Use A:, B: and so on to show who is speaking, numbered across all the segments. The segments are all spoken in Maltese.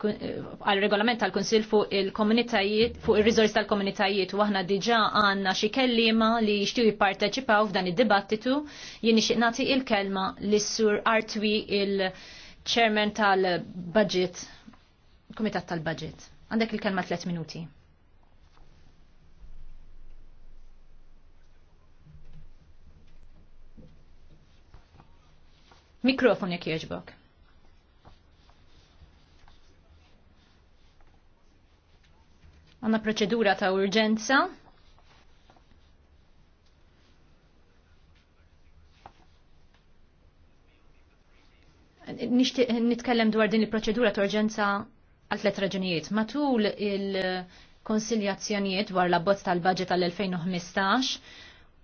A: għal regolament tal konsil fuq il-komunitajiet, fuq il-rizors tal-komunitajiet u aħna diġa għanna xi kellima li jixtiju jipparteċipaw f'dan id-dibattitu jien nixtieq il-kelma li sur Artwi il-chairman tal-budget, komitat tal-budget. Għandek il-kelma 3 minuti. Mikrofon jekk jieġbok. Għanna proċedura ta' urġenza. Nitkellem dwar din il-proċedura ta' urġenza għal tlet raġunijiet. Matul il-konsiljazzjonijiet dwar l-abbozz tal-budget tal-2015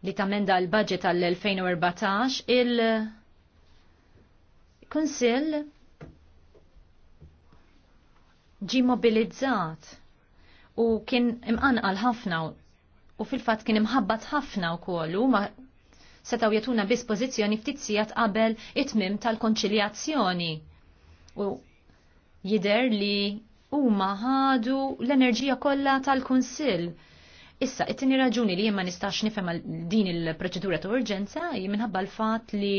A: li tamenda l-budget tal-2014 il-Konsil ġi mobilizzat u kien imqanqal ħafna u fil-fat kien imħabbat ħafna u kollu ma setaw jatuna bis pozizjoni qabel it-tmim tal-konċiljazzjoni. U jider li huma ħadu l-enerġija kollha tal-Kunsill. Issa, it-tini raġuni li jien ma nistax nifhem din il-proċedura ta' urġenza hi minħabba l-fatt li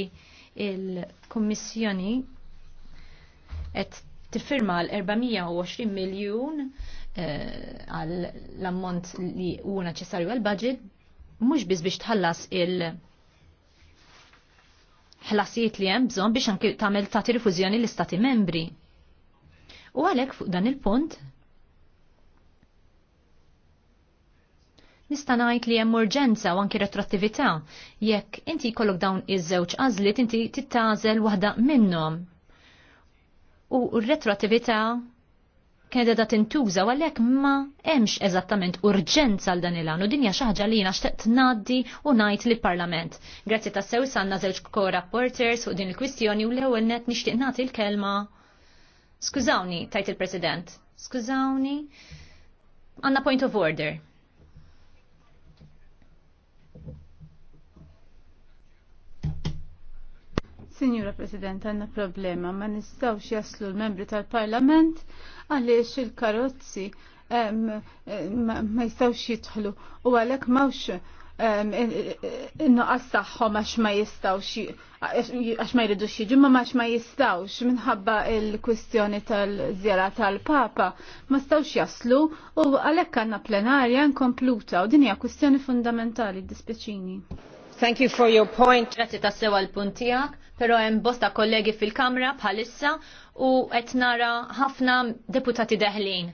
A: il-Kummissjoni qed tiffirma l-420 miljun Eh, għall ammont li u neċessarju għal budget mhux biss biex tħallas il ħlasijiet li hemm bżonn biex anke tagħmel tagħti rifużjoni l-istati membri. U għalhekk fuq dan il-punt nista' ngħid li hemm urġenza u anke retroattività jekk inti jkollok dawn iż-żewġ għażliet inti tittażel waħda minnhom. U r-retroattività kienet edha tintuża għalhekk ma hemmx eżattament urġenza għal dan il-għan u dinja xaħġa li jiena xtaqt ngħaddi u ngħid li parlament. Grazzi ta' sew sanna żewġ co-rapporters fuq din il-kwistjoni u l-ewwel net nixtieq nagħti l-kelma. Skużawni, tajt il-President. Skużawni. Għandna point of order. Signora President, għanna problema, ma nistawx jaslu l-membri tal-Parlament għaliex il-karozzi ma jistawx jitħlu u għalek mawx innuqqas tagħhom għax ma jistawx għax ma jridux jiġu ma għax ma jistawx minħabba il-kwistjoni tal zjara tal-Papa ma stawx jaslu u għalhekk għandna plenarja nkompluta u din hija kwistjoni fundamentali dispeċini. Thank you for your point. Grazie ta' sewa l-punt tiegħek, però hemm bosta kollegi fil-Kamra bħalissa u qed nara ħafna deputati deħlin.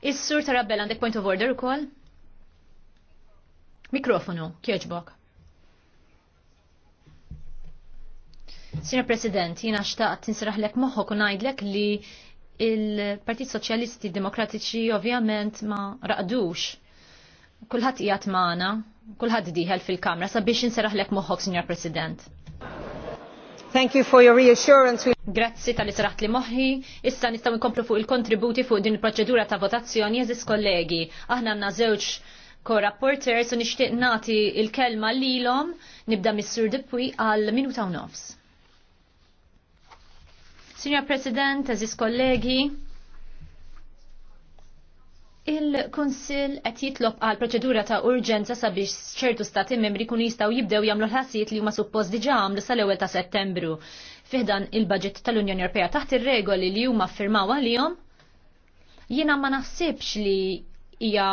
A: Is-Sur Tarabella għandek point of order ukoll? Mikrofonu, kieġbok. Sina President, jina xtaqt tinsraħlek moħħok u ngħidlek li il-Partit Soċjalisti Demokratiċi ovvjament ma raqdux. Kulħadd qiegħed maħna, kulħadd diħel fil-kamra sabiex inseraħlek moħħok, Signor President. Thank you for your reassurance. Grazzi tal-li li moħħi. Issa nistgħu nkomplu fuq il-kontributi fuq din il-proċedura ta' votazzjoni eżis kollegi. Aħna għandna żewġ co-rapporters u nixtieq nagħti il-kelma lilhom nibda mis-Sur Dipwi għal minuta u nofs. Signor President, eżis kollegi, Il-Konsil qed jitlob għal proċedura ta' urġenza sabiex ċertu stati membri kun jistgħu jibdew jagħmlu ħassijiet li huma suppost diġà għamlu sal-ewwel ta' Settembru. Fiħdan il-budget tal-Unjoni Ewropea taħt ir-regoli li huma ffirmaw għalihom, jiena ma naħsibx li hija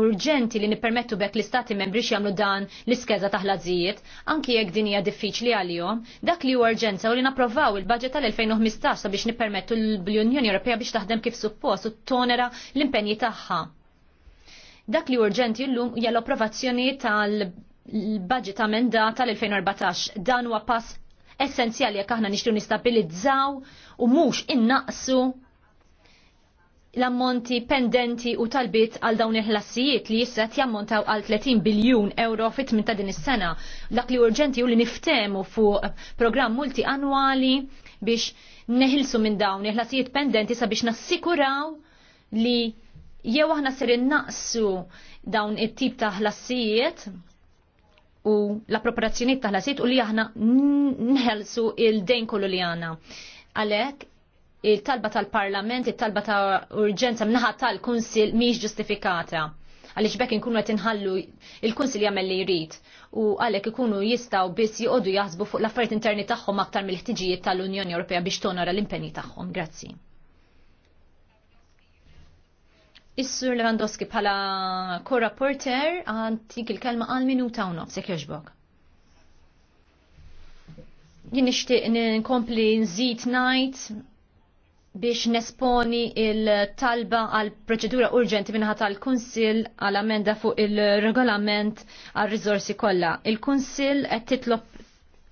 A: urġenti li nippermettu bekk l-istati membri jagħmlu dan l-iskeza taħlażijiet, anki jekk din hija diffiċli għalihom, dak li huwa urġenza u li napprovaw il-budget tal-2015 sabiex nippermettu l-Unjoni Ewropea biex taħdem kif suppost u tonera l-impenji tagħha. Dak li urġenti llum hija l-approvazzjoni tal-budget amenda tal-2014. Dan huwa pass essenzjali jekk aħna nixtru nistabilizzaw u mhux innaqsu l-ammonti pendenti u talbiet għal dawn il-ħlassijiet li jissa jammontaw għal 30 biljun euro fit minn ta' din is-sena. Dak li urġenti u li niftemu fuq programm multi annwali biex neħilsu minn dawn il-ħlassijiet pendenti sabiex nassikuraw li jew aħna ser innaqsu dawn it-tip ta' ħlassijiet u l-appropriazzjoniet ta' ħlassijiet u li aħna nħelsu il-dejn kollu li għana. Għalek, il-talba tal-parlament, il-talba ta' urġenza minnaħa tal-kunsil miex ġustifikata. Għalix bekk nkunu għet inħallu il-kunsil jagħmel li jrid u għalek ikunu jistaw biss joqogħdu jazbu fuq l-affarijiet interni tagħhom aktar mill-ħtiġijiet tal-Unjoni Ewropea biex tonora l-impenji tagħhom. Grazzi. Is-Sur Lewandowski bħala korrapporter għantik il-kelma għal minuta u nofsek jogħġbok. Jien nixtieq nkompli nżid ngħid biex nesponi il-talba għal proċedura urġenti minnaħat tal kunsil għal amenda fuq il-regolament għal rizorsi kollha. Il-Kunsil qed titlob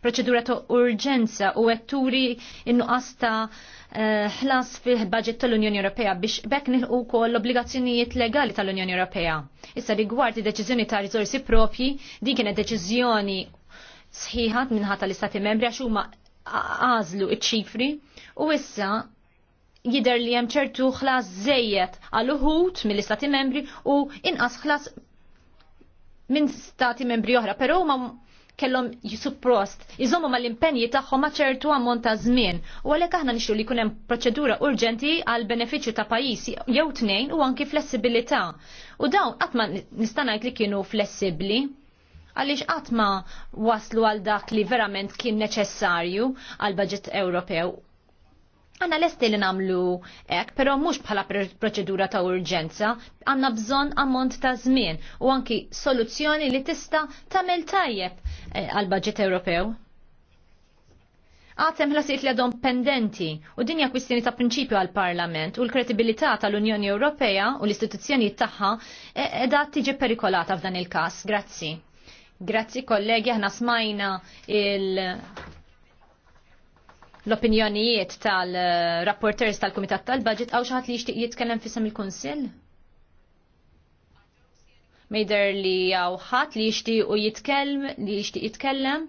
A: proċedura ta' urġenza u għed turi innu għasta eh, ħlas fil budget tal-Unjoni Ewropea biex bekk nilqu wkoll l-obbligazzjonijiet legali tal-Unjoni Ewropea. Issa rigward id-deċiżjoni ta' rizorsi propji, din kienet deċiżjoni sħiħat minnħata l-Istati Membri għax huma għażlu iċ-ċifri u issa jider li hemm ċertu ħlas żejjed għal uħut mill-istati membri u inqas ħlas minn stati membri oħra, però ma kellhom jisupprost, iżommu ma l-impenji tagħhom ma ċertu ammont ta' żmien. U għalhekk aħna nixtru li jkun hemm proċedura urġenti għal benefiċċju ta' pajjiż jew tnejn u anki flessibilità. U dawn qatt ma nista' ngħid li kienu flessibbli għaliex qatt ma waslu għal dak li verament kien neċessarju għal budget Ewropew Għanna lesti li namlu ek, pero mux bħala proċedura ta' urġenza, għanna bżon ammont ta' żmien u anki soluzzjoni li tista tamel tajjeb eh, għal budget Ewropew. Għatem ħlasijiet li għadhom pendenti u dinja kwistjoni ta' prinċipju għal Parlament u l-kredibilità tal-Unjoni Ewropea u l-istituzzjoni tagħha eh, edha tiġi perikolata f'dan il-każ. Grazzi. Grazzi kollegi, aħna smajna il- l-opinjonijiet tal-rapporters tal-Kumitat tal-Budget għaw xaħat li jishtiq jitkellem fissam il-Konsil? Mejder li għaw ħat li jishtiq u jitkellem, li jishtiq jitkellem,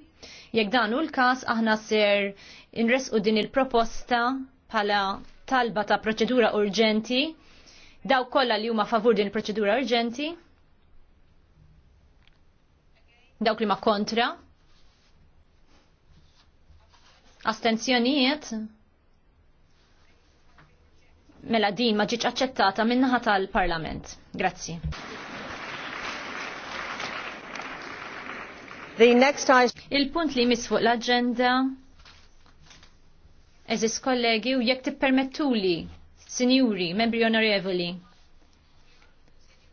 A: jek u l-kas aħna ser inres u din il-proposta pala talba ta' proċedura urġenti, daw kolla li huma favur din il-proċedura urġenti, dawk li ma kontra, Astenzjonijiet? Mela din ma ġiċ aċċettata minnaħa tal-Parlament. Grazzi. Il-punt li jmiss fuq l-agenda Eżis kollegi u jekk tippermettuli, sinjuri, membri onorevoli,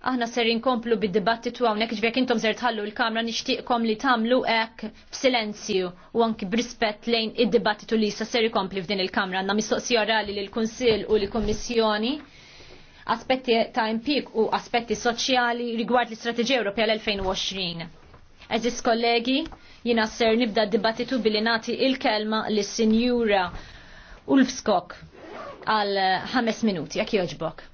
A: aħna ser inkomplu bid-dibattitu hawnhekk ġbek intom ser tħallu l-kamra nixtieqkom li tagħmlu hekk f'silenzju u anki b'rispett lejn id-dibattitu li issa ser ikompli f'din il-kamra għandna mistoqsija orali l kunsill u l-Kummissjoni aspetti ta' impik u aspetti soċjali rigward l-Istrateġija Ewropea l-2020. Eżis kollegi, jina ser nibda d dibattitu billi nati il-kelma lis sinjura Ulfskok għal ħames minuti, jekk jogħġbok.